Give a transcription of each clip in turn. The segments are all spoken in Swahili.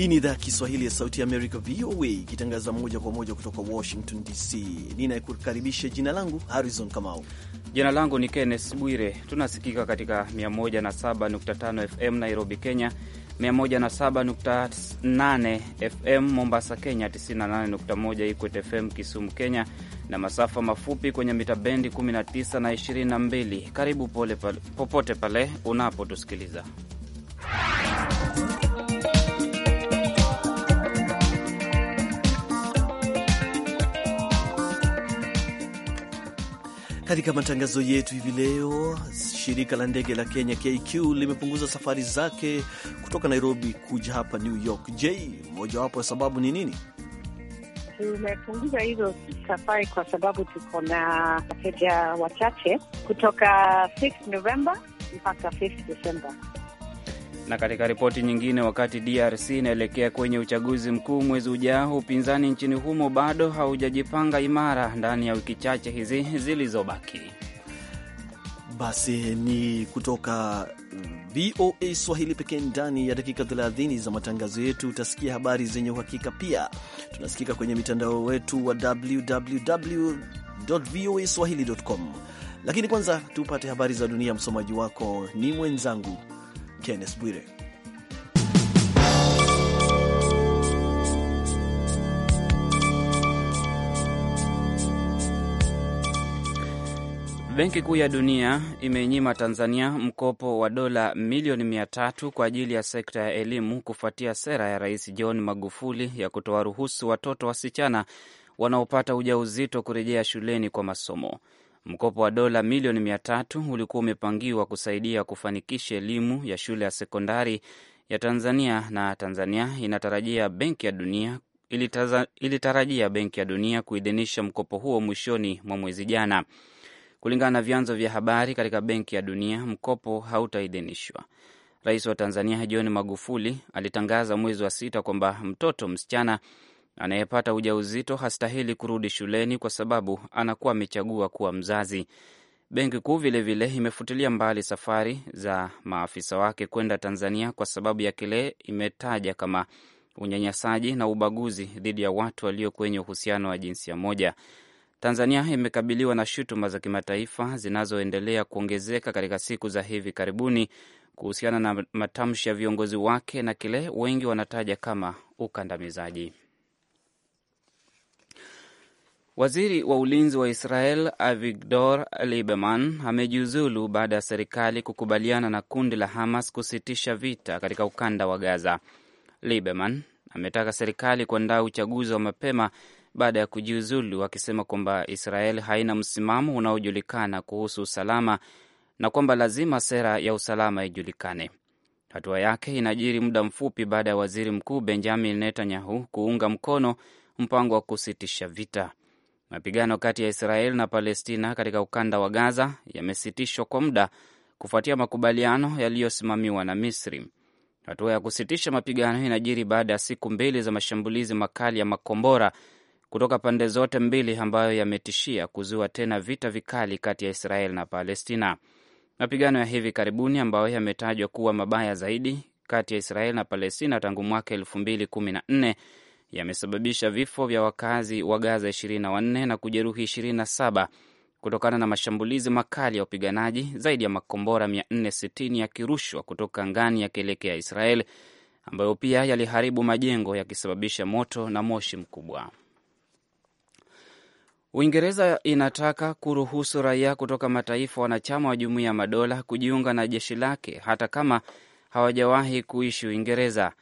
Hii ni idhaa ya Kiswahili ya Sauti ya Amerika, VOA, ikitangaza moja kwa moja kutoka Washington DC. Ninayekukaribisha jina langu Harrison Kamau. Jina langu ni kennes Bwire. Tunasikika katika 107.5 FM Nairobi, Kenya, 107.8 FM Mombasa, Kenya, 98.1 Ikwet FM Kisumu, Kenya, na masafa mafupi kwenye mita bendi 19 na 22. Karibu pole pale, popote pale unapotusikiliza Katika matangazo yetu hivi leo, shirika la ndege la Kenya KQ limepunguza safari zake kutoka Nairobi kuja hapa New York. Je, mojawapo ya sababu ni nini? Tumepunguza hizo safari kwa sababu tuko na wateja wachache kutoka 6 Novemba mpaka 5 Desemba. Na katika ripoti nyingine, wakati DRC inaelekea kwenye uchaguzi mkuu mwezi ujao, upinzani nchini humo bado haujajipanga imara ndani ya wiki chache hizi zilizobaki. Basi ni kutoka mm, VOA Swahili pekee. Ndani ya dakika 30 za matangazo yetu utasikia habari zenye uhakika. Pia tunasikika kwenye mitandao wetu wa www voa swahili com, lakini kwanza tupate habari za dunia. Msomaji wako ni mwenzangu Kenneth Bwire. Benki Kuu ya Dunia imeinyima Tanzania mkopo wa dola milioni mia tatu kwa ajili ya sekta ya elimu kufuatia sera ya Rais John Magufuli ya kutoa ruhusu watoto wasichana wanaopata ujauzito kurejea shuleni kwa masomo. Mkopo wa dola milioni mia tatu ulikuwa umepangiwa kusaidia kufanikisha elimu ya shule ya sekondari ya Tanzania na Tanzania inatarajia Benki ya Dunia ilitaza, ilitarajia Benki ya Dunia kuidhinisha mkopo huo mwishoni mwa mwezi jana. Kulingana na vyanzo vya habari katika Benki ya Dunia, mkopo hautaidhinishwa. Rais wa Tanzania John Magufuli alitangaza mwezi wa sita kwamba mtoto msichana anayepata ujauzito hastahili kurudi shuleni kwa sababu anakuwa amechagua kuwa mzazi. Benki Kuu vilevile imefutilia mbali safari za maafisa wake kwenda Tanzania kwa sababu ya kile imetaja kama unyanyasaji na ubaguzi dhidi ya watu walio kwenye uhusiano wa jinsia moja. Tanzania imekabiliwa na shutuma za kimataifa zinazoendelea kuongezeka katika siku za hivi karibuni kuhusiana na matamshi ya viongozi wake na kile wengi wanataja kama ukandamizaji. Waziri wa ulinzi wa Israel Avigdor Lieberman amejiuzulu baada ya serikali kukubaliana na kundi la Hamas kusitisha vita katika ukanda wa Gaza. Lieberman ametaka serikali kuandaa uchaguzi wa mapema baada ya kujiuzulu, akisema kwamba Israel haina msimamo unaojulikana kuhusu usalama na kwamba lazima sera ya usalama ijulikane. Hatua yake inajiri muda mfupi baada ya waziri mkuu Benjamin Netanyahu kuunga mkono mpango wa kusitisha vita. Mapigano kati ya Israel na Palestina katika ukanda wa Gaza yamesitishwa kwa muda kufuatia makubaliano yaliyosimamiwa na Misri. Hatua ya kusitisha mapigano inajiri baada ya siku mbili za mashambulizi makali ya makombora kutoka pande zote mbili ambayo yametishia kuzua tena vita vikali kati ya Israel na Palestina. Mapigano ya hivi karibuni ambayo yametajwa kuwa mabaya zaidi kati ya Israel na Palestina tangu mwaka elfu mbili kumi na nne yamesababisha vifo vya wakazi wa Gaza 24 na kujeruhi 27 kutokana na mashambulizi makali ya wapiganaji, zaidi ya makombora 460 yakirushwa kutoka ngani yakielekea Israel, ambayo pia yaliharibu majengo yakisababisha moto na moshi mkubwa. Uingereza inataka kuruhusu raia kutoka mataifa wanachama wa Jumuiya ya Madola kujiunga na jeshi lake hata kama hawajawahi kuishi Uingereza.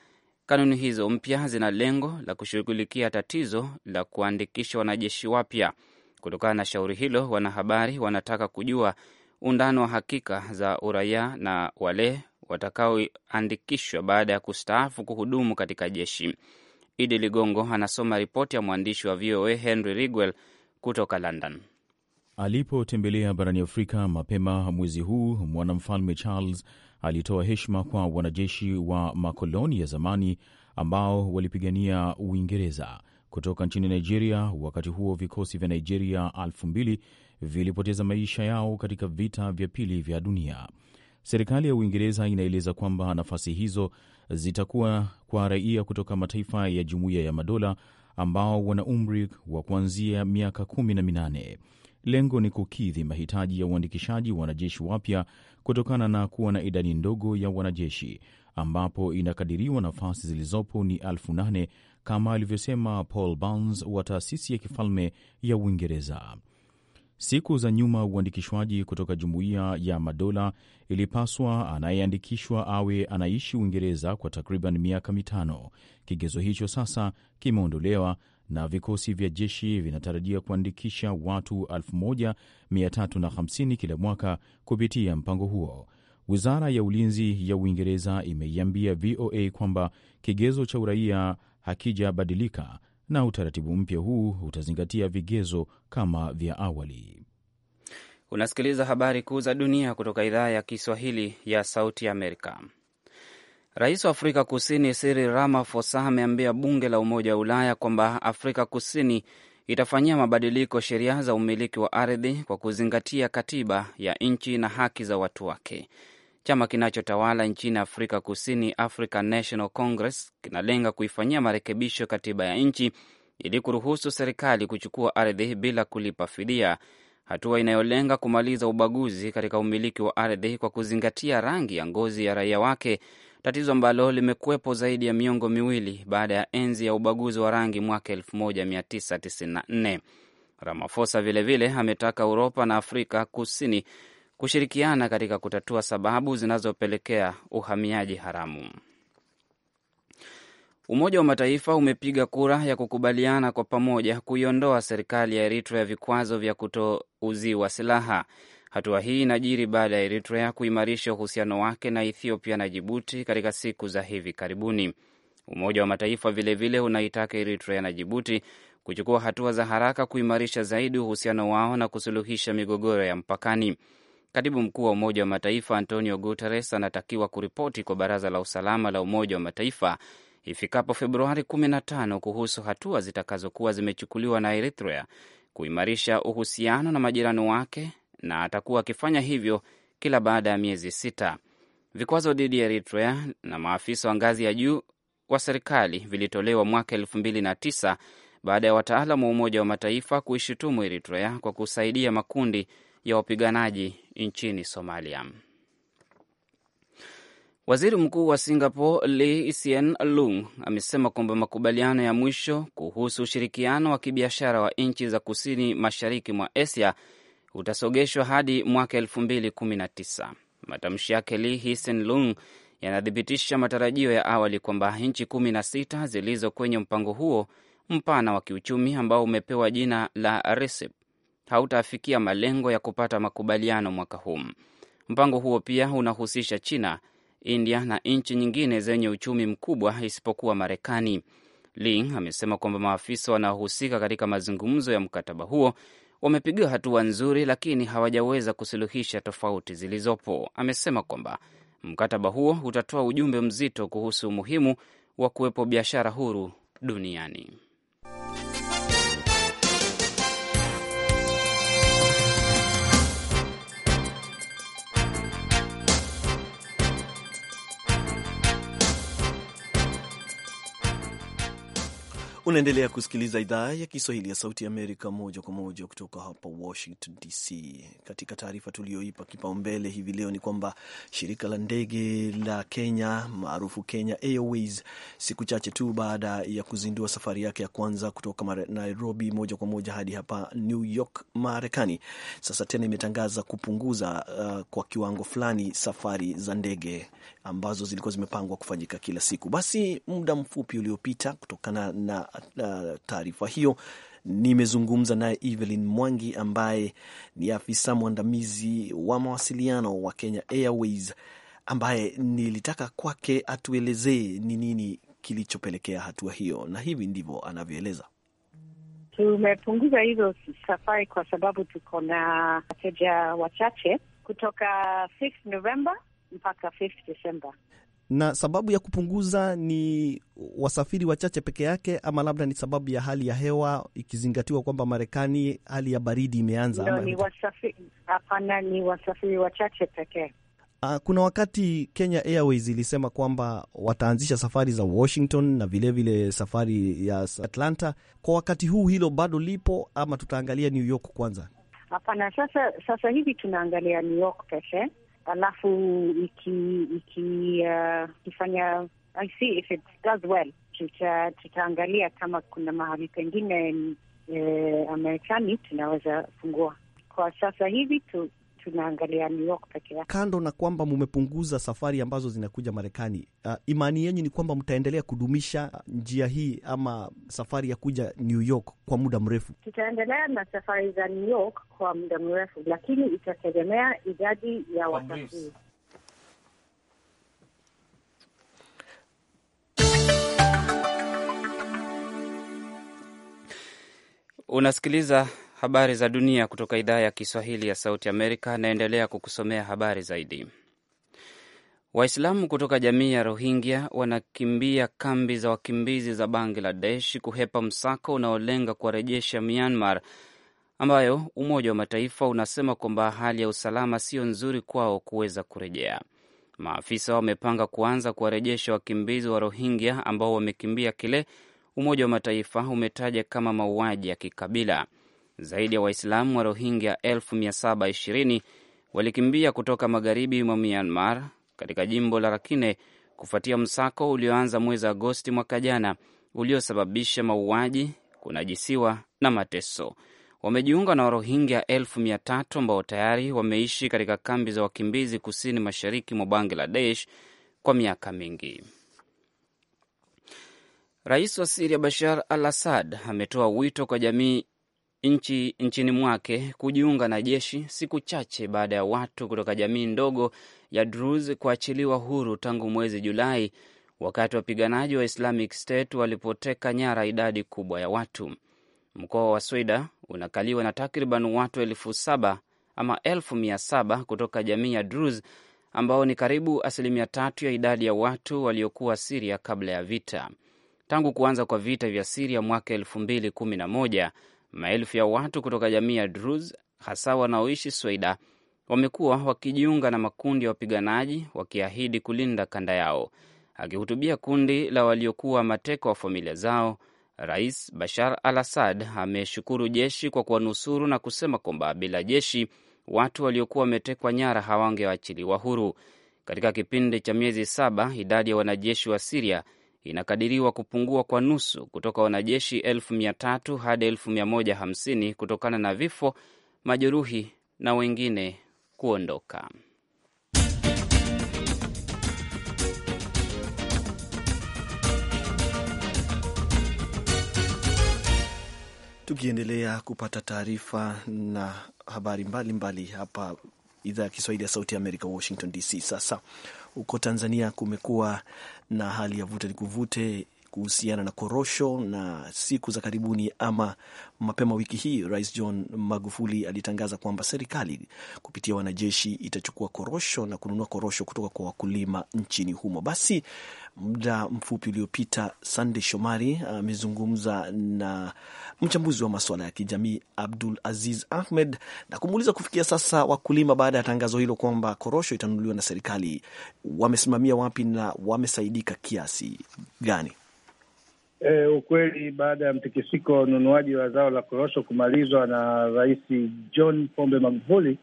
Kanuni hizo mpya zina lengo la kushughulikia tatizo la kuandikisha wanajeshi wapya. Kutokana na shauri hilo, wanahabari wanataka kujua undani wa hakika za uraia na wale watakaoandikishwa baada ya kustaafu kuhudumu katika jeshi. Idi Ligongo anasoma ripoti ya mwandishi wa VOA Henry Rigwell kutoka London. Alipotembelea barani Afrika mapema mwezi huu, mwanamfalme Charles alitoa heshima kwa wanajeshi wa makoloni ya zamani ambao walipigania Uingereza kutoka nchini Nigeria. Wakati huo vikosi vya Nigeria elfu mbili vilipoteza maisha yao katika vita vya pili vya dunia. Serikali ya Uingereza inaeleza kwamba nafasi hizo zitakuwa kwa raia kutoka mataifa ya Jumuiya ya Madola ambao wana umri wa kuanzia miaka kumi na minane. Lengo ni kukidhi mahitaji ya uandikishaji wa wanajeshi wapya kutokana na kuwa na idadi ndogo ya wanajeshi, ambapo inakadiriwa nafasi zilizopo ni 8 kama alivyosema Paul Barnes wa taasisi ya kifalme ya Uingereza. Siku za nyuma uandikishwaji kutoka Jumuiya ya Madola ilipaswa anayeandikishwa awe anaishi Uingereza kwa takriban miaka mitano. Kigezo hicho sasa kimeondolewa na vikosi vya jeshi vinatarajia kuandikisha watu 1350 kila mwaka kupitia mpango huo. Wizara ya ulinzi ya Uingereza imeiambia VOA kwamba kigezo cha uraia hakijabadilika na utaratibu mpya huu utazingatia vigezo kama vya awali. Unasikiliza habari kuu za dunia kutoka idhaa ya Kiswahili ya Sauti Amerika. Rais wa Afrika Kusini Cyril Ramaphosa ameambia bunge la Umoja wa Ulaya kwamba Afrika Kusini itafanyia mabadiliko sheria za umiliki wa ardhi kwa kuzingatia katiba ya nchi na haki za watu wake. Chama kinachotawala nchini Afrika Kusini, African National Congress, kinalenga kuifanyia marekebisho katiba ya nchi ili kuruhusu serikali kuchukua ardhi bila kulipa fidia, hatua inayolenga kumaliza ubaguzi katika umiliki wa ardhi kwa kuzingatia rangi ya ngozi ya raia wake tatizo ambalo limekuwepo zaidi ya miongo miwili baada ya enzi ya ubaguzi wa rangi mwaka 1994. ramafosa vilevile ametaka Uropa na Afrika Kusini kushirikiana katika kutatua sababu zinazopelekea uhamiaji haramu. Umoja wa Mataifa umepiga kura ya kukubaliana kwa pamoja kuiondoa serikali ya Eritrea vikwazo vya kutouziwa silaha. Hatua hii inajiri baada ya Eritrea kuimarisha uhusiano wake na Ethiopia na Jibuti katika siku za hivi karibuni. Umoja wa Mataifa vilevile unaitaka Eritrea na Jibuti kuchukua hatua za haraka kuimarisha zaidi uhusiano wao na kusuluhisha migogoro ya mpakani. Katibu mkuu wa Umoja wa Mataifa Antonio Guterres anatakiwa kuripoti kwa Baraza la Usalama la Umoja wa Mataifa ifikapo Februari 15 kuhusu hatua zitakazokuwa zimechukuliwa na Eritrea kuimarisha uhusiano na majirani wake na atakuwa akifanya hivyo kila baada ya miezi sita. Vikwazo dhidi ya Eritrea na maafisa wa ngazi ya juu wa serikali vilitolewa mwaka elfu mbili na tisa baada ya wataalam wa Umoja wa Mataifa kuishutumu Eritrea kwa kusaidia makundi ya wapiganaji nchini Somalia. Waziri Mkuu wa Singapore Lee Hsien Loong amesema kwamba makubaliano ya mwisho kuhusu ushirikiano wa kibiashara wa nchi za kusini mashariki mwa Asia utasogeshwa hadi mwaka elfu Matamshi yake Lee Hsien Loong yanathibitisha matarajio ya awali kwamba nchi 16 zilizo kwenye mpango huo mpana wa kiuchumi ambao umepewa jina la RCEP hautafikia malengo ya kupata makubaliano mwaka huu. Mpango huo pia unahusisha China, India na nchi nyingine zenye uchumi mkubwa isipokuwa Marekani. Ling amesema kwamba maafisa wanaohusika katika mazungumzo ya mkataba huo wamepiga hatua nzuri, lakini hawajaweza kusuluhisha tofauti zilizopo. Amesema kwamba mkataba huo utatoa ujumbe mzito kuhusu umuhimu wa kuwepo biashara huru duniani. Unaendelea kusikiliza idhaa ya Kiswahili ya Sauti ya Amerika moja kwa moja kutoka hapa Washington DC. Katika taarifa tuliyoipa kipaumbele hivi leo ni kwamba shirika la ndege la Kenya maarufu Kenya Airways, siku chache tu baada ya kuzindua safari yake ya kwanza kutoka Nairobi moja kwa moja hadi hapa New York, Marekani, sasa tena imetangaza kupunguza uh, kwa kiwango fulani safari za ndege ambazo zilikuwa zimepangwa kufanyika kila siku. Basi muda mfupi uliopita kutokana na taarifa hiyo, nimezungumza naye Evelyn Mwangi ambaye ni afisa mwandamizi wa mawasiliano wa Kenya Airways, ambaye nilitaka kwake atuelezee ni nini kilichopelekea hatua hiyo, na hivi ndivyo anavyoeleza. Tumepunguza hizo safari kwa sababu tuko na wateja wachache kutoka 5 Novemba mpaka 5 Desemba na sababu ya kupunguza ni wasafiri wachache peke yake, ama labda ni sababu ya hali ya hewa, ikizingatiwa kwamba Marekani hali ya baridi imeanza? Hapana, ni wasafiri, wachache pekee. Ah, kuna wakati Kenya Airways ilisema kwamba wataanzisha safari za Washington na vilevile vile safari ya Atlanta. Kwa wakati huu hilo bado lipo ama tutaangalia New York kwanza? Hapana, sasa sasa hivi tunaangalia New York pekee alafu ikifanya iki uh, I see if it does well, tuta tutaangalia kama kuna mahali pengine eh, Amerikani tunaweza fungua. Kwa sasa hivi tunaangalia New York peke yake. Kando na kwamba mmepunguza safari ambazo zinakuja Marekani, uh, imani yenyu ni kwamba mtaendelea kudumisha njia hii ama safari ya kuja New York kwa muda mrefu? Tutaendelea na safari za New York kwa muda mrefu, lakini itategemea idadi ya watafii. Unasikiliza habari za dunia kutoka idhaa ya Kiswahili ya Sauti Amerika. naendelea kukusomea habari zaidi. Waislamu kutoka jamii ya Rohingya wanakimbia kambi za wakimbizi za Bangladesh kuhepa msako unaolenga kuwarejesha Myanmar, ambayo Umoja wa Mataifa unasema kwamba hali ya usalama sio nzuri kwao kuweza kurejea. Maafisa wamepanga kuanza kuwarejesha wakimbizi wa Rohingya ambao wamekimbia kile Umoja wa Mataifa umetaja kama mauaji ya kikabila. Zaidi ya Waislamu wa Rohingya 720 walikimbia kutoka magharibi mwa Myanmar katika jimbo la Rakhine kufuatia msako ulioanza mwezi Agosti mwaka jana uliosababisha mauaji, kunajisiwa na mateso. Wamejiunga na Warohingya 3 ambao tayari wameishi katika kambi za wakimbizi kusini mashariki mwa Bangladesh kwa miaka mingi. Rais wa Siria Bashar al Assad ametoa wito kwa jamii nchi nchini mwake kujiunga na jeshi siku chache baada ya watu kutoka jamii ndogo ya Druze kuachiliwa huru tangu mwezi Julai, wakati wapiganaji wa Islamic State walipoteka nyara idadi kubwa ya watu. Mkoa wa Swida unakaliwa na takriban watu elfu saba ama elfu mia saba kutoka jamii ya Druze ambao ni karibu asilimia tatu ya idadi ya watu waliokuwa Siria kabla ya vita. Tangu kuanza kwa vita vya Siria mwaka elfu mbili kumi na moja Maelfu ya watu kutoka jamii ya Druze, hasa wanaoishi Sweida, wamekuwa wakijiunga na makundi ya wapiganaji wakiahidi kulinda kanda yao. Akihutubia kundi la waliokuwa mateka wa familia zao, Rais Bashar al Assad ameshukuru jeshi kwa kuwanusuru na kusema kwamba bila jeshi watu waliokuwa wametekwa nyara hawangewachiliwa huru. Katika kipindi cha miezi saba, idadi ya wanajeshi wa Siria inakadiriwa kupungua kwa nusu kutoka wanajeshi elfu mia tatu hadi elfu mia moja hamsini kutokana na vifo, majeruhi na wengine kuondoka. Tukiendelea kupata taarifa na habari mbalimbali mbali hapa idhaa ya Kiswahili ya Sauti ya Amerika, Washington DC. Sasa huko Tanzania kumekuwa na hali ya vute ni kuvute kuhusiana na korosho. Na siku za karibuni ama mapema wiki hii, Rais John Magufuli alitangaza kwamba serikali kupitia wanajeshi itachukua korosho na kununua korosho kutoka kwa wakulima nchini humo. Basi muda mfupi uliopita, Sandey Shomari amezungumza na mchambuzi wa masuala ya kijamii Abdul Aziz Ahmed na kumuuliza kufikia sasa wakulima baada ya tangazo hilo kwamba korosho itanunuliwa na serikali wamesimamia wapi na wamesaidika kiasi gani? E, ukweli baada ya mtikisiko wa ununuaji wa zao la korosho kumalizwa na Rais John Pombe Magufuli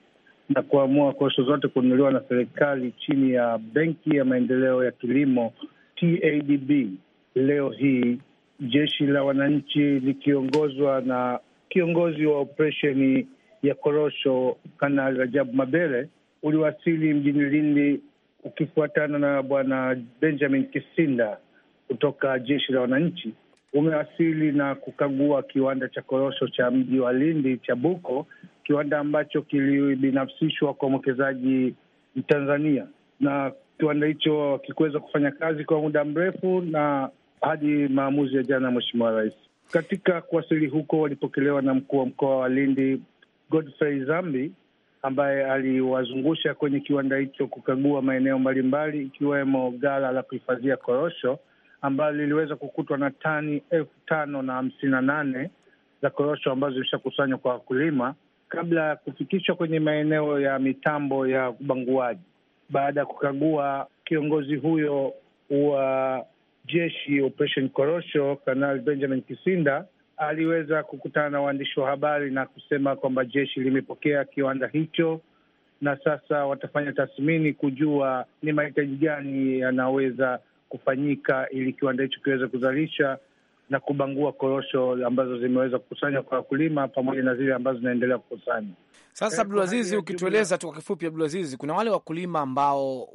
na kuamua korosho zote kununuliwa na serikali chini ya Benki ya Maendeleo ya Kilimo TADB, leo hii jeshi la wananchi likiongozwa na kiongozi wa operesheni ya korosho Kanali Rajabu Mabere uliwasili mjini Lindi ukifuatana na Bwana Benjamin Kisinda kutoka jeshi la wananchi umewasili na kukagua kiwanda cha korosho cha mji wa Lindi cha Buko, kiwanda ambacho kilibinafsishwa kwa mwekezaji Mtanzania, na kiwanda hicho kikuweza kufanya kazi kwa muda mrefu na hadi maamuzi ya jana Mheshimiwa Rais. Katika kuwasili huko walipokelewa na mkuu wa mkoa wa Lindi Godfrey Zambi ambaye aliwazungusha kwenye kiwanda hicho kukagua maeneo mbalimbali ikiwemo ghala la kuhifadhia korosho ambalo liliweza kukutwa na tani elfu tano na hamsini na nane za korosho ambazo zilishakusanywa kwa wakulima kabla ya kufikishwa kwenye maeneo ya mitambo ya ubanguaji. Baada ya kukagua, kiongozi huyo wa jeshi Operation Korosho, Kanali Benjamin Kisinda aliweza kukutana na waandishi wa habari na kusema kwamba jeshi limepokea kiwanda hicho na sasa watafanya tathmini kujua ni mahitaji gani yanaweza kufanyika ili kiwanda hicho kiweze kuzalisha na kubangua korosho ambazo zimeweza kukusanywa kwa wakulima pamoja na zile ambazo zinaendelea kukusanywa. Sasa eh, Abdulazizi, ukitueleza tu kwa kifupi, Abdulazizi, kuna wale wakulima ambao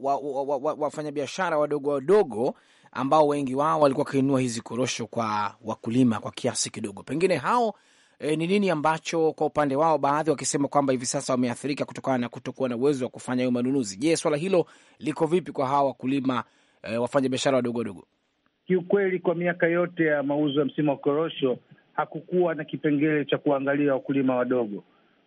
wafanyabiashara wa, wa, wa, wa, wadogo wadogo ambao wengi wao walikuwa wakiinua hizi korosho kwa wakulima kwa kiasi kidogo, pengine hao eh, ni e, nini ambacho kwa upande wao baadhi wakisema kwamba hivi sasa wameathirika kutokana na kutokuwa na uwezo wa kufanya hayo manunuzi. Je, swala hilo liko vipi kwa hawa wakulima e, wafanya biashara wadogo wadogo? Kiukweli, kwa miaka yote ya mauzo ya msimu wa korosho hakukuwa na kipengele cha kuangalia wakulima wadogo.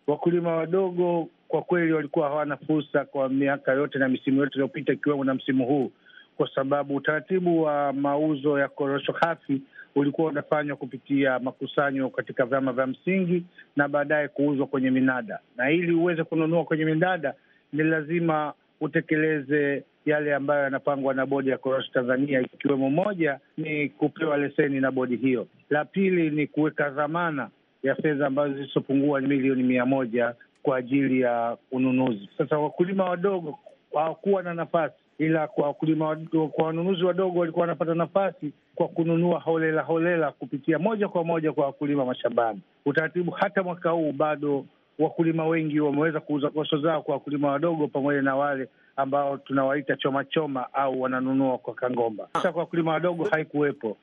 Wakulima wadogo kwa kweli walikuwa hawana fursa kwa miaka yote na misimu yote iliyopita ikiwemo na msimu huu, kwa sababu utaratibu wa mauzo ya korosho hafi ulikuwa unafanywa kupitia makusanyo katika vyama vya msingi na baadaye kuuzwa kwenye minada, na ili uweze kununua kwenye minada ni lazima utekeleze yale ambayo yanapangwa na bodi ya korosho Tanzania, ikiwemo moja ni kupewa leseni na bodi hiyo. La pili ni kuweka dhamana ya fedha ambazo zisizopungua milioni mia moja kwa ajili ya ununuzi. Sasa wakulima wadogo hawakuwa na nafasi, ila kwa wakulima kwa wanunuzi wadogo walikuwa wanapata nafasi kwa kununua holela holela kupitia moja kwa moja kwa wakulima mashambani. Utaratibu hata mwaka huu bado wakulima wengi wameweza kuuza koso zao kwa wakulima wadogo pamoja na wale ambao tunawaita choma choma au wananunua kwa kangomba. Sasa kwa wakulima wadogo haikuwepo.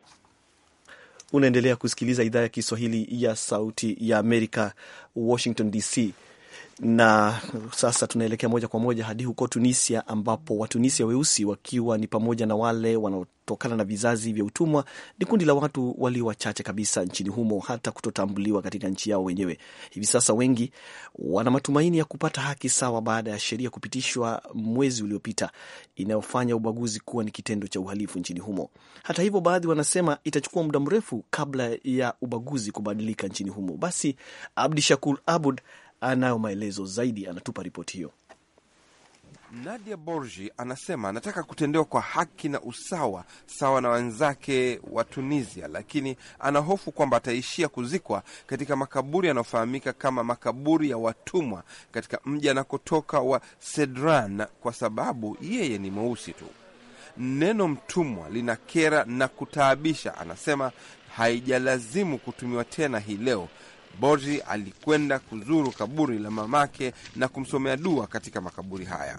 Unaendelea kusikiliza idhaa ya Kiswahili ya Sauti ya Amerika, Washington DC na sasa tunaelekea moja kwa moja hadi huko Tunisia ambapo Watunisia weusi wakiwa ni pamoja na wale wanaotokana na vizazi vya utumwa ni kundi la watu walio wachache kabisa nchini humo hata kutotambuliwa katika nchi yao wenyewe. Hivi sasa wengi wana matumaini ya kupata haki sawa baada ya sheria kupitishwa mwezi uliopita inayofanya ubaguzi kuwa ni kitendo cha uhalifu nchini humo. Hata hivyo, baadhi wanasema itachukua muda mrefu kabla ya ubaguzi kubadilika nchini humo. Basi Abdi Shakur Abud anayo maelezo zaidi, anatupa ripoti hiyo. Nadia Borji anasema anataka kutendewa kwa haki na usawa sawa na wenzake wa Tunisia, lakini anahofu kwamba ataishia kuzikwa katika makaburi yanayofahamika kama makaburi ya watumwa katika mji anakotoka wa Sedran, kwa sababu yeye ni mweusi tu. Neno mtumwa lina kera na kutaabisha, anasema haijalazimu kutumiwa tena hii leo Borji alikwenda kuzuru kaburi la mamake na kumsomea dua katika makaburi haya.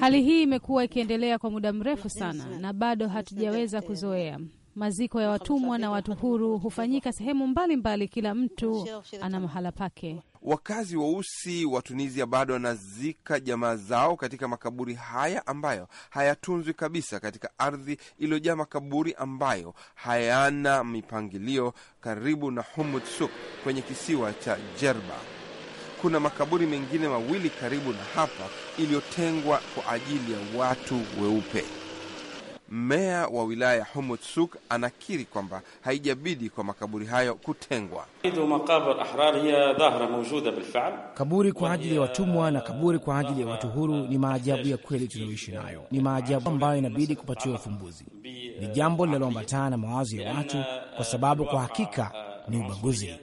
Hali hii imekuwa ikiendelea kwa muda mrefu sana na bado hatujaweza kuzoea. Maziko ya watumwa na watu huru hufanyika sehemu mbalimbali, kila mtu ana mahala pake. Wakazi weusi wa Tunisia bado wanazika jamaa zao katika makaburi haya ambayo hayatunzwi kabisa, katika ardhi iliyojaa makaburi ambayo hayana mipangilio, karibu na humut Suk kwenye kisiwa cha Jerba. Kuna makaburi mengine mawili karibu na hapa, iliyotengwa kwa ajili ya watu weupe. Meya wa wilaya ya Humud Suk anakiri kwamba haijabidi kwa makaburi hayo kutengwa. Kaburi kwa ajili ya watumwa na kaburi kwa ajili ya watu huru ni maajabu ya kweli tunayoishi nayo, ni maajabu ambayo inabidi kupatiwa ufumbuzi. Ni jambo linaloambatana na mawazo ya watu, kwa sababu kwa hakika ni ubaguzi.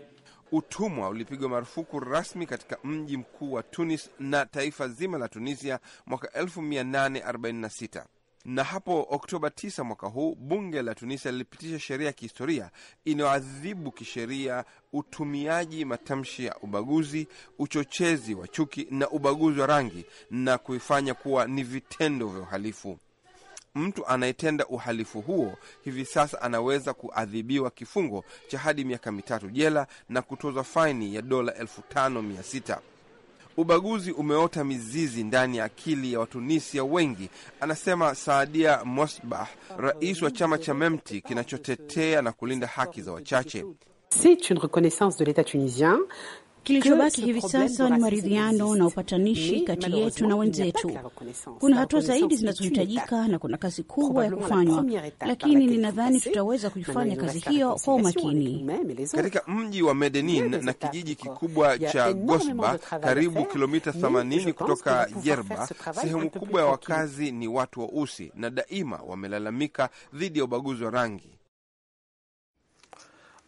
Utumwa ulipigwa marufuku rasmi katika mji mkuu wa Tunis na taifa zima la Tunisia mwaka 1846. Na hapo Oktoba 9 mwaka huu bunge la Tunisia lilipitisha sheria ya kihistoria inayoadhibu kisheria utumiaji matamshi ya ubaguzi, uchochezi wa chuki na ubaguzi wa rangi na kuifanya kuwa ni vitendo vya uhalifu. Mtu anayetenda uhalifu huo hivi sasa anaweza kuadhibiwa kifungo cha hadi miaka mitatu jela na kutozwa faini ya dola elfu tano mia sita. Ubaguzi umeota mizizi ndani ya akili ya Watunisia wengi, anasema Saadia Mosbah, rais wa chama cha Memti kinachotetea na kulinda haki za wachache. Kilichobaki hivi sasa ni maridhiano na upatanishi kati yetu na wenzetu. Kuna hatua zaidi zinazohitajika na kuna kazi kubwa ya kufanywa, lakini ninadhani tutaweza kuifanya kazi hiyo kwa umakini. Katika mji wa medenin na kijiji kikubwa cha Gosba, karibu kilomita 80 kutoka Yerba, sehemu kubwa ya wakazi ni watu weusi na daima wamelalamika dhidi ya ubaguzi wa rangi.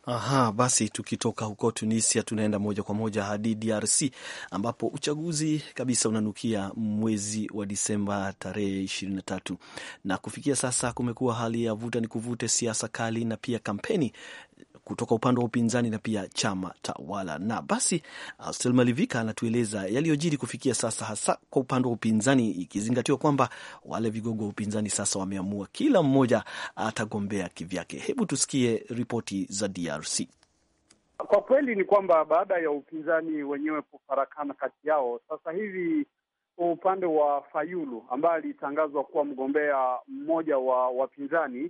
Aha, basi tukitoka huko Tunisia tunaenda moja kwa moja hadi DRC ambapo uchaguzi kabisa unanukia mwezi wa Disemba tarehe 23, na kufikia sasa kumekuwa hali ya vuta ni kuvute, siasa kali na pia kampeni kutoka upande wa upinzani na pia chama tawala. Na basi Astel uh, Malivika anatueleza yaliyojiri kufikia sasa, hasa kwa upande wa upinzani, ikizingatiwa kwamba wale vigogo wa upinzani sasa wameamua kila mmoja atagombea kivyake. Hebu tusikie ripoti za DRC. Kwa kweli ni kwamba baada ya upinzani wenyewe kufarakana kati yao, sasa hivi upande wa Fayulu ambaye alitangazwa kuwa mgombea mmoja wa wapinzani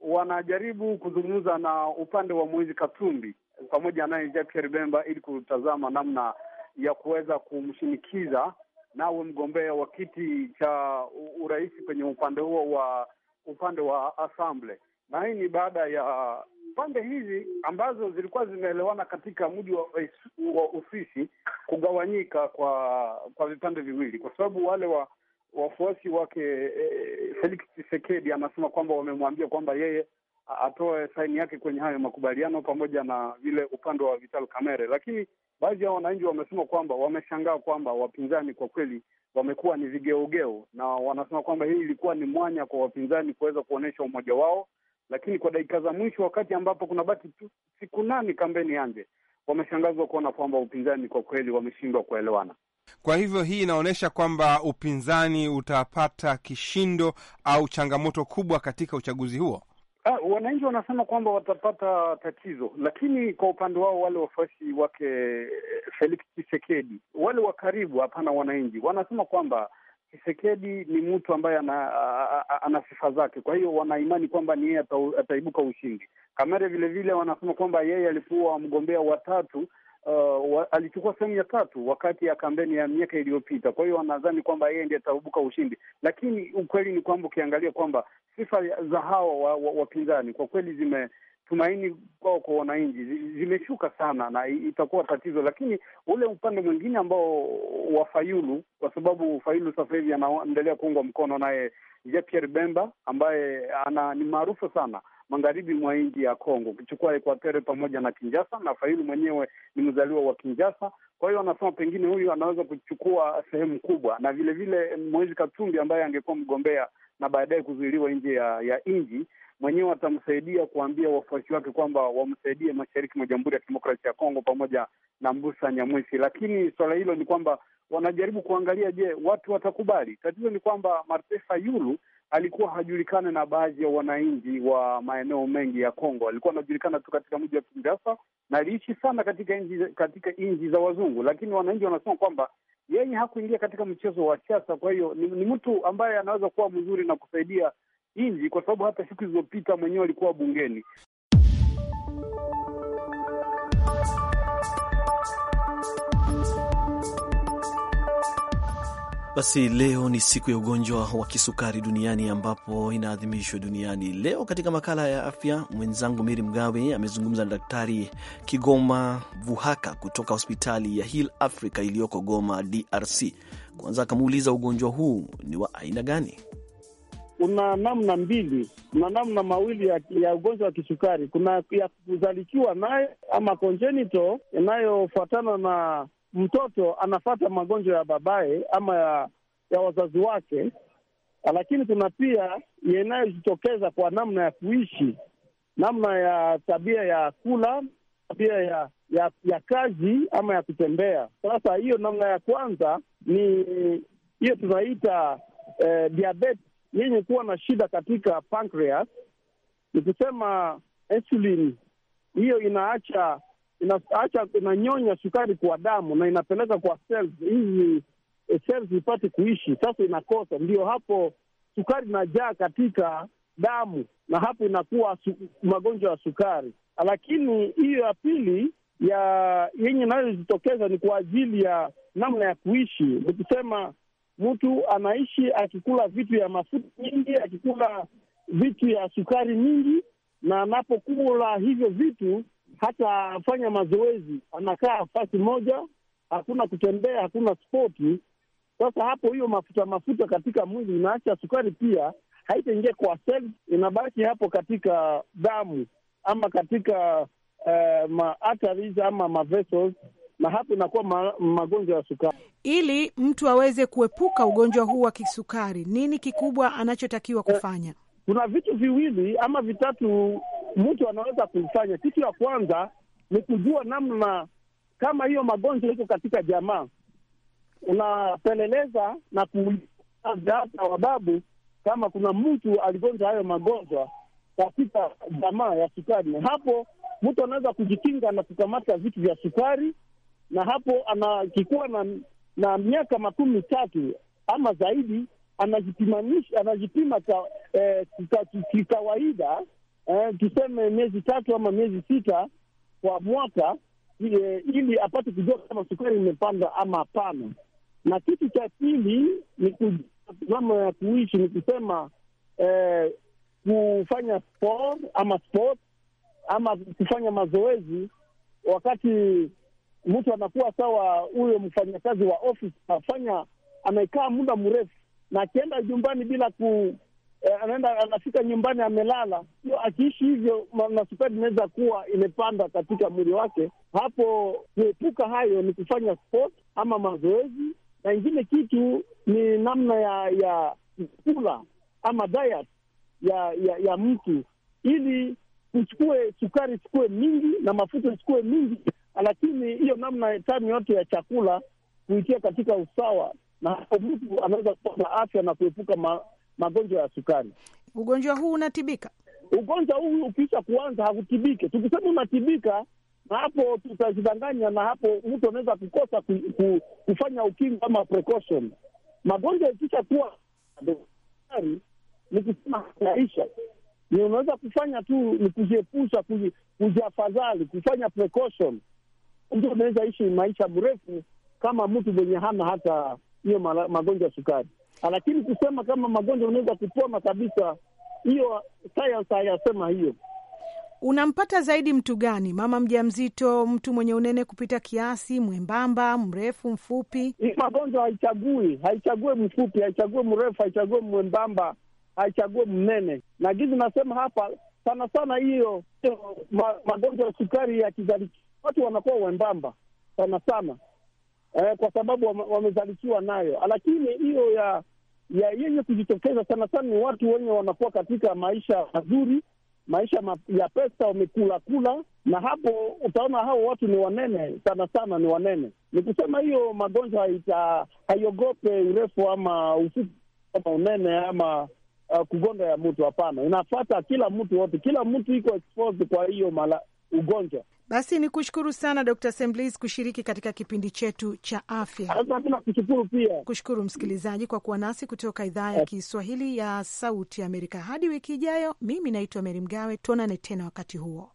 wanajaribu kuzungumza na upande wa Moise Katumbi pamoja naye Jean Pierre Bemba ili kutazama namna ya kuweza kumshinikiza nawe mgombea wa kiti cha urais kwenye upande huo wa upande wa Assembly. Na hii ni baada ya pande hizi ambazo zilikuwa zimeelewana katika mji wa, wa Uswisi kugawanyika kwa kwa vipande viwili, kwa sababu wale wa wafuasi wake e, Felix Tshisekedi anasema kwamba wamemwambia kwamba yeye atoe saini yake kwenye hayo makubaliano pamoja na vile upande wa Vital Kamerhe, lakini baadhi ya wananchi wamesema kwamba wameshangaa kwamba wapinzani kwa kweli wamekuwa ni vigeugeu, na wanasema kwamba hii ilikuwa ni mwanya kwa wapinzani kuweza kuonyesha umoja wao, lakini kwa dakika za mwisho, wakati ambapo kuna baki tu siku nane kampeni yanje, wameshangazwa kuona kwamba upinzani kwa kweli wameshindwa kuelewana. Kwa hivyo hii inaonyesha kwamba upinzani utapata kishindo au changamoto kubwa katika uchaguzi huo. Ha, ah, wananchi wanasema kwamba watapata tatizo, lakini kwa upande wao wale wafuasi wake eh, Felix chisekedi wale wa karibu, hapana, wananchi wanasema kwamba Chisekedi ni mtu ambaye ana, ana sifa zake, kwa hiyo wanaimani kwamba ni yeye ataibuka ushindi. Kamere vilevile wanasema kwamba yeye alikuwa mgombea watatu uh, alichukua sehemu ya tatu wakati ya kampeni ya miaka iliyopita. Kwa hiyo wanadhani kwamba yeye ndiye ataibuka ushindi, lakini ukweli ni kwamba ukiangalia kwamba sifa za hawa wapinzani wa, wa kwa kweli zime tumaini kwao kwa wananchi zimeshuka sana, na itakuwa tatizo. Lakini ule upande mwingine ambao wa Fayulu, kwa sababu Fayulu sasa hivi anaendelea kuungwa mkono naye Jean Pierre Bemba ambaye ana ni maarufu sana magharibi mwa nji ya Kongo, ukichukua Ekwatere pamoja na Kinjasa, na Fayulu mwenyewe ni mzaliwa wa kinjasa Kwa hiyo anasema pengine huyu anaweza kuchukua sehemu kubwa, na vilevile Moise Katumbi ambaye angekuwa mgombea na baadaye kuzuiliwa nje ya, ya nji mwenyewe atamsaidia kuambia wafuasi wake kwamba wamsaidie mashariki mwa Jamhuri ya Kidemokrasia ya Kongo pamoja na Mbusa Nyamwisi. Lakini suala hilo ni kwamba wanajaribu kuangalia, je, watu watakubali? Tatizo ni kwamba Martin Fayulu alikuwa hajulikane na baadhi ya wananchi wa maeneo mengi ya Kongo. Alikuwa anajulikana tu katika mji wa Kinshasa na aliishi sana katika nchi katika nchi za wazungu, lakini wananchi wanasema kwamba yeye hakuingia katika mchezo wa siasa. Kwa hiyo ni, ni mtu ambaye anaweza kuwa mzuri na kusaidia nchi, kwa sababu hata siku zilizopita mwenyewe alikuwa bungeni. Basi leo ni siku ya ugonjwa wa kisukari duniani ambapo inaadhimishwa duniani leo. Katika makala ya afya, mwenzangu Miri Mgawe amezungumza na Daktari Kigoma Vuhaka kutoka hospitali ya Hill Africa iliyoko Goma, DRC. Kwanza akamuuliza ugonjwa huu ni wa aina gani? Kuna namna mbili, kuna namna mawili ya, ya ugonjwa wa kisukari. Kuna ya kuzalikiwa naye ama congenital inayofuatana na mtoto anapata magonjwa ya babaye ama ya, ya wazazi wake, lakini kuna pia yanayojitokeza kwa namna ya kuishi, namna ya tabia ya kula, tabia ya ya, ya kazi ama ya kutembea. Sasa hiyo namna ya kwanza ni hiyo tunaita eh, diabetes yenye kuwa na shida katika pancreas, ni kusema insulin hiyo inaacha inaacha inanyonya sukari kwa damu na inapeleka kwa cells hizi, eh, cells ipate kuishi, sasa inakosa. Ndio hapo sukari inajaa katika damu na hapo inakuwa su, magonjwa ya sukari. Lakini hiyo ya pili ya yenye inayojitokeza ni kwa ajili ya namna ya kuishi, nikisema mtu anaishi akikula vitu ya mafuta nyingi, akikula vitu ya sukari nyingi, na anapokula hivyo vitu hata afanya mazoezi, anakaa fasi moja, hakuna kutembea, hakuna spoti. Sasa hapo hiyo mafuta mafuta katika mwili inaacha sukari, pia haitaingia kwa inabaki hapo katika damu ama katika uh, eh, maarteries ama ma na hapo inakuwa ma magonjwa ya sukari. Ili mtu aweze kuepuka ugonjwa huu wa kisukari, nini kikubwa anachotakiwa kufanya? Eh, kuna vitu viwili ama vitatu mtu anaweza kuifanya. Kitu ya kwanza ni kujua namna kama hiyo magonjwa iko katika jamaa, unapeleleza na kuaa wababu kama kuna mtu aligonjwa hayo magonjwa katika jamaa ya sukari, na hapo mtu anaweza kujikinga na kukamata vitu vya sukari, na hapo anakikuwa na, na miaka makumi tatu ama zaidi anajipima anajipima eh, kikawaida eh, eh, tuseme miezi tatu ama miezi sita kwa mwaka ile, eh, ili apate kujua kama sukari imepanda ama hapana. Na kitu cha pili ni kujua ya kuishi, ni kusema eh, kufanya sport ama sport ama kufanya mazoezi wakati mtu anakuwa sawa, huyo mfanyakazi wa ofisi anafanya, anaekaa muda mrefu, na akienda nyumbani bila ku e, anaenda anafika nyumbani amelala. akiishi hivyo, masukari inaweza kuwa imepanda katika mwili wake. Hapo kuepuka hayo ni kufanya sport ama mazoezi, na ingine kitu ni namna ya ya kula ama diet ya ya, ya mtu ili usikue sukari isikue mingi na mafuta isikue mingi, lakini hiyo namna tamu yote ya chakula kuitia katika usawa, na hapo mtu anaweza kupata afya na kuepuka magonjwa ya sukari. Ugonjwa huu unatibika? Ugonjwa huu ukisha kuanza hautibike. Tukisema unatibika na hapo tutazidanganya, na hapo mtu anaweza kukosa ku, ku, kufanya ukingo ama precaution. Magonjwa ikisha kuwa sukari, kusema naisha ni unaweza kufanya tu ni kujiepusha, kujiafadhali, kufanya precaution, ndio unaweza ishi maisha mrefu kama mtu mwenye hana hata hiyo magonjwa ya sukari lakini kusema kama magonjwa unaweza kupona kabisa, hiyo sayansi hayasema hiyo. Unampata zaidi mtu gani? Mama mja mzito mtu mwenye unene kupita kiasi, mwembamba, mrefu, mfupi? Hii magonjwa haichagui, haichague mfupi, haichague mrefu, haichague mwembamba, haichague mnene. Na gizi nasema hapa sana sana hiyo eh, magonjwa ya sukari ya kizalikii, watu wanakuwa wembamba sana sana eh, kwa sababu wamezalishiwa nayo. Lakini hiyo ya ya yenye kujitokeza sana sana ni watu wenye wanakuwa katika maisha mazuri, maisha ma, ya pesa, wamekulakula na hapo utaona hao watu ni wanene sana sana, ni wanene. Ni kusema hiyo magonjwa haiogope urefu ama ufupi ama unene ama uh, kugonda ya mtu, hapana. Inafata kila mtu wote, kila mtu iko exposed kwa hiyo mala ugonjwa basi ni kushukuru sana Dr Semblis kushiriki katika kipindi chetu cha afya. Kushukuru pia kushukuru msikilizaji kwa kuwa nasi kutoka idhaa ya eh. Kiswahili ya Sauti Amerika. Hadi wiki ijayo, mimi naitwa Meri Mgawe, tuonane tena wakati huo.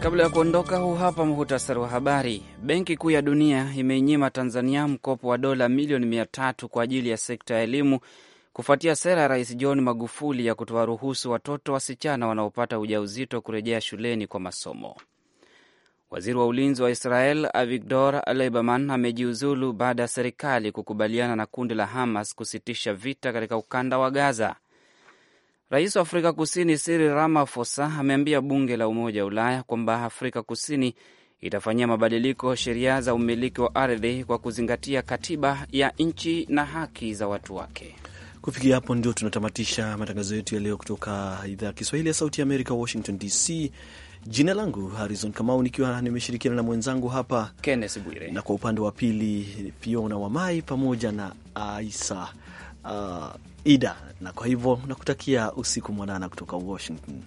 Kabla ya kuondoka, huu hapa muhutasari wa habari. Benki Kuu ya Dunia imeinyima Tanzania mkopo wa dola milioni mia tatu kwa ajili ya sekta ya elimu kufuatia sera ya Rais John Magufuli ya kutowaruhusu watoto wasichana wanaopata ujauzito kurejea shuleni kwa masomo. Waziri wa ulinzi wa Israel Avigdor Leiberman amejiuzulu baada ya serikali kukubaliana na kundi la Hamas kusitisha vita katika ukanda wa Gaza. Rais wa Afrika Kusini Cyril Ramaphosa ameambia bunge la Umoja wa Ulaya kwamba Afrika Kusini itafanyia mabadiliko sheria za umiliki wa ardhi kwa kuzingatia katiba ya nchi na haki za watu wake. Kufikia hapo ndio tunatamatisha matangazo yetu ya leo kutoka idhaa ya Kiswahili ya Sauti ya Amerika, Washington DC. Jina langu Harrison Kamau, nikiwa nimeshirikiana na mwenzangu hapa Kenneth Bwire, na kwa upande wa pili Fiona Wamai pamoja na Aisa uh, Ida, na kwa hivyo nakutakia usiku mwanana kutoka Washington.